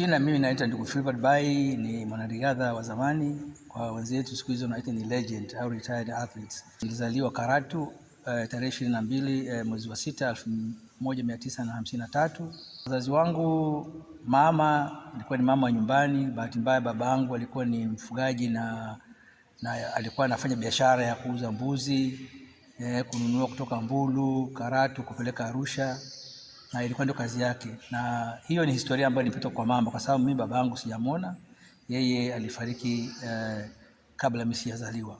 Jina mimi naitwa ndugu Filbert Bayi, ni mwanariadha wa zamani, kwa wenzetu siku hizo naita ni legend au retired athletes. Nilizaliwa Karatu uh, tarehe ishirini na mbili uh, mwezi wa sita elfu moja mia tisa na hamsini na tatu. Wazazi wangu, mama alikuwa ni mama wa nyumbani. Bahati mbaya baba yangu alikuwa ni mfugaji na, na alikuwa anafanya biashara ya kuuza mbuzi eh, kununua kutoka Mbulu Karatu kupeleka Arusha na ilikuwa ndio kazi yake, na hiyo ni historia ambayo nilipita kwa mama, kwa sababu mimi baba yangu sijamwona. Yeye alifariki eh, kabla mimi sijazaliwa,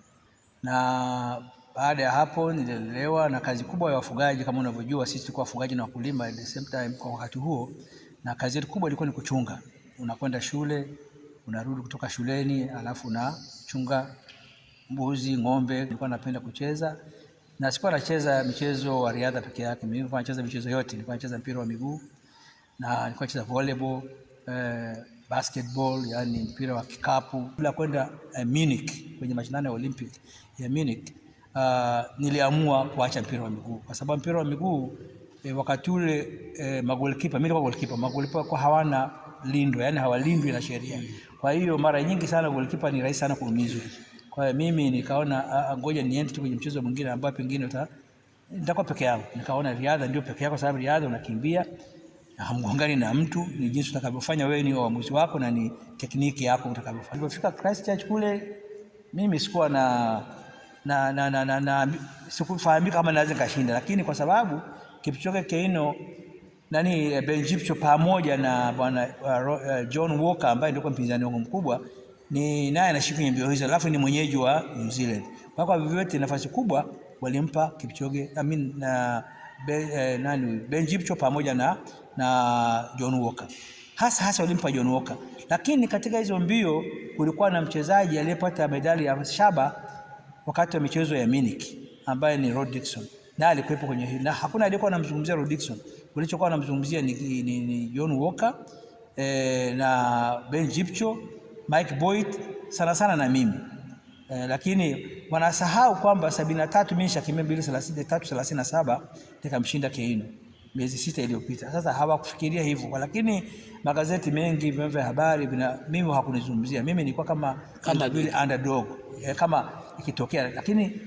na baada ya hapo nililelewa na kazi kubwa ya wafugaji. Kama unavyojua, sisi tulikuwa wafugaji na wakulima at the same time kwa wakati huo, na kazi yetu kubwa ilikuwa ni kuchunga. Unakwenda shule, unarudi kutoka shuleni, alafu unachunga mbuzi, ng'ombe. Nilikuwa napenda kucheza na sikuwa nacheza mchezo wa riadha peke yake. Mimi nilikuwa nacheza michezo yote, nilikuwa nacheza mpira wa miguu na nilikuwa nacheza volleyball, eh, basketball, yani mpira wa kikapu. Bila kwenda eh, Munich kwenye mashindano ya Olympic ya Munich, uh, niliamua kuacha mpira wa miguu kwa sababu mpira wa miguu eh, wakati ule eh, magolikipa, mimi nilikuwa golikipa, magolikipa kwa hawana lindo, yani hawalindwi na sheria. Kwa hiyo mara nyingi sana golikipa ni rahisi sana kuumizwa. Kwa hiyo mimi nikaona ah, ah, ngoja niende tu kwenye mchezo mwingine ambao pengine nitakuwa peke yangu. Nikaona riadha ndio peke yako, sababu riadha unakimbia hamgongani na mtu, ni jinsi utakavyofanya wewe, ni uamuzi wako na ni tekniki yako utakavyofanya. Nilipofika Christchurch kule, mimi sikuwa na na na na, na, na sikufahamika kama naweza kashinda, lakini kwa sababu Kipchoge Keino nani eh, Ben Chipchumba pamoja na bwana uh, John Walker ambaye ndio mpinzani wangu mkubwa ni naye anashiriki kwenye mbio hizo, alafu ni mwenyeji wa New Zealand. Kwa kwa vyovyote, nafasi kubwa walimpa Kipchoge I mean, na be, eh, nani Ben Jipcho pamoja na na John Walker, hasa hasa walimpa John Walker. Lakini katika hizo mbio kulikuwa na mchezaji aliyepata medali ya shaba wakati wa michezo ya Munich ambaye ni Rod Dixon, na alikuwepo kwenye hili, na hakuna aliyekuwa anamzungumzia Rod Dixon. Walichokuwa anamzungumzia ni, ni, ni John Walker eh, na Ben Jipcho Mike Boyd sana sana na mimi e, lakini wanasahau kwamba 73 mimi nishakimbia 233 37 nikamshinda Keino miezi sita iliyopita. Sasa hawakufikiria hivyo, lakini magazeti mengi, vyombo vya habari bina, mimi hakunizungumzia mimi, nilikuwa kama kama vile underdog e, kama ikitokea, lakini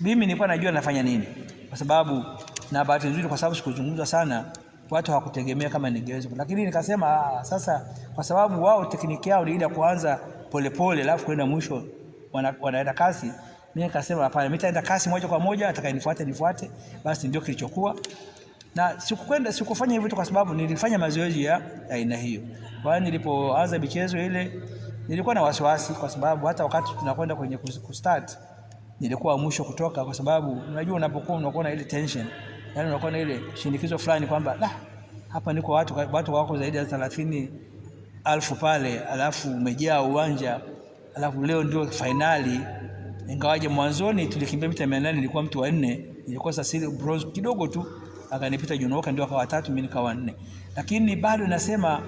mimi nilikuwa najua nafanya nini, kwa sababu na bahati nzuri, kwa sababu sikuzungumzwa sana watu hawakutegemea kama ningeweza, lakini nikasema ah, sasa, kwa sababu wao tekniki yao ni ile kuanza polepole alafu kwenda mwisho wanaenda kasi. Mimi nikasema hapana, mimi nitaenda kasi moja kwa moja, atakayenifuata nifuate. Basi ndio kilichokuwa, na sikukwenda sikufanya hivyo tu kwa sababu nilifanya mazoezi ya aina hiyo. Kwa hiyo nilipoanza michezo ile nilikuwa na wasiwasi, kwa sababu hata wakati tunakwenda kwenye kustart nilikuwa mwisho kutoka, kwa sababu unajua unapokuwa unakuwa na ile tension yani unakuwa na ile shinikizo fulani kwamba la hapa niko watu, watu wako zaidi ya thelathini alfu pale, alafu umejaa uwanja, alafu leo ndio fainali. Ingawaje mwanzoni tulikimbia mita 800 nilikuwa mtu wa nne, nilikuwa sasa bronze kidogo tu, akanipita John Walker ndio akawa tatu, mimi nikawa nne, lakini bado nasema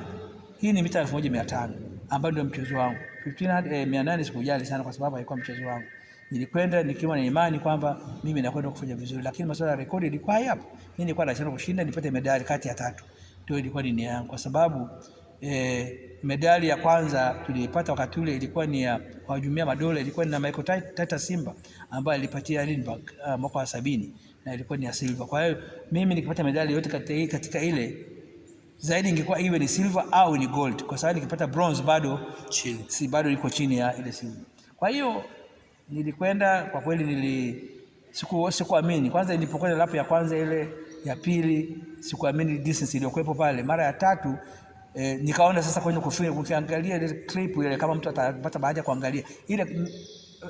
hii ni mita 1500 ambayo ndio mchezo wangu 1500 eh, 800 sikujali sana kwa sababu haikuwa mchezo wangu nilikwenda nikiwa na imani kwamba mimi nakwenda kufanya vizuri, lakini masuala ya rekodi ilikuwa hayapo. Mimi nilikuwa na nachana kushinda nipate medali kati ya tatu, ndio ilikuwa ni nia yangu, kwa sababu eh, medali ya kwanza tuliipata wakati ule ilikuwa ni ya kwa jumuiya madola, ilikuwa ni na Michael Tata Simba ambaye alipatia Edinburgh uh, ah, mwaka wa sabini na ilikuwa ni ya silver. Kwa hiyo mimi nikipata medali yote katika, katika ile zaidi ingekuwa iwe ni silver au ni gold, kwa sababu nikipata bronze bado chini, si bado iko chini ya ile silver. Kwa hiyo Nilikwenda kwa kweli, nili siku sikuamini. Kwanza nilipokwenda lapu ya kwanza, ile ya pili sikuamini distance iliyokuwepo pale. Mara ya tatu E, nikaona sasa kwenye kufunga ukiangalia ile clip ile, kama mtu atapata baada kuangalia ile,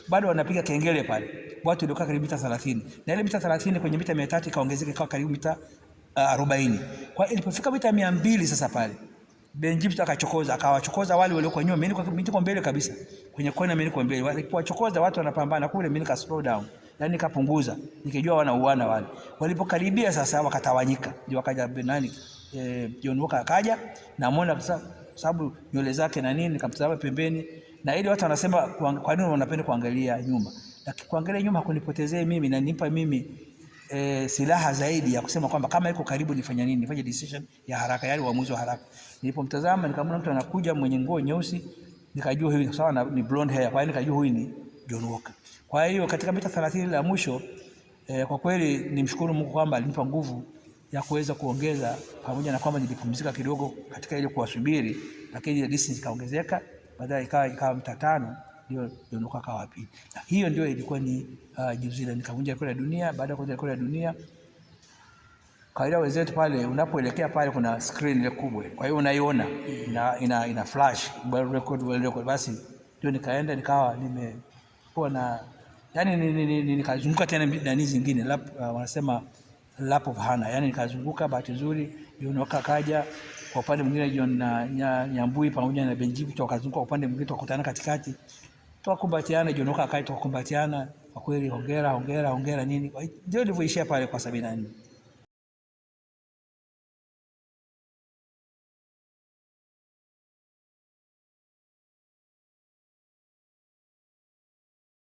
bado wanapiga kengele pale, watu waliokaa karibu mita 30 na ile mita 30 kwenye mita 300 ikaongezeka ikawa karibu mita 40. uh, ah, Kwa ilipofika mita 200 sasa pale Benjipta akachokoza akawachokoza wale walioko nyuma. Mimi niko niko mbele kabisa kwenye kona, mimi niko mbele. Walipowachokoza watu wanapambana kule, mimi nika slow down, yani nikapunguza, nikijua wanauana wale. Walipokaribia sasa, wakatawanyika, ndio wakaja nani, eh, John Walker akaja na muona, sababu nywele zake na nini, nikamtazama pembeni, na ile watu wanasema kwa nini wanapenda kuangalia nyuma, lakini kuangalia nyuma hakunipotezee mimi na nipa mimi e, silaha zaidi ya kusema kwamba kama iko karibu nifanya nini, nifanye decision ya haraka, yani uamuzi wa haraka. Nilipomtazama nikamwona mtu anakuja mwenye nguo nyeusi, nikajua huyu sawa na ni blonde hair, kwa hiyo nikajua huyu ni John Walker. Kwa hiyo katika mita 30 la mwisho e, kwa kweli nimshukuru Mungu kwamba alinipa nguvu ya kuweza kuongeza, pamoja na kwamba nilipumzika kidogo katika ile kuwasubiri, lakini distance ikaongezeka, baadaye ikawa ikawa mita tano liondoka kwa wapi. Na hiyo ndio ilikuwa ni uh, New Zealand. Nikavunja rekodi ya dunia. Baada ya kuvunja rekodi ya dunia, kawaida wenzetu pale, unapoelekea pale kuna screen ile kubwa, kwa hiyo unaiona ina, ina, ina flash world record, world record. Basi ndio nikaenda nikawa nimekuwa na yani nikazunguka tena nani zingine lap, uh, wanasema lap of Hana, yani nikazunguka. Bahati nzuri John Waka kaja kwa upande mwingine, John uh, na Nyambui pamoja na Benjibu tukazunguka upande mwingine, tukakutana katikati, tukakumbatiana, jionoka kai tukakumbatiana, kwa kweli hongera hongera hongera nini. Ndio ilivyoishia pale kwa sabini na nne.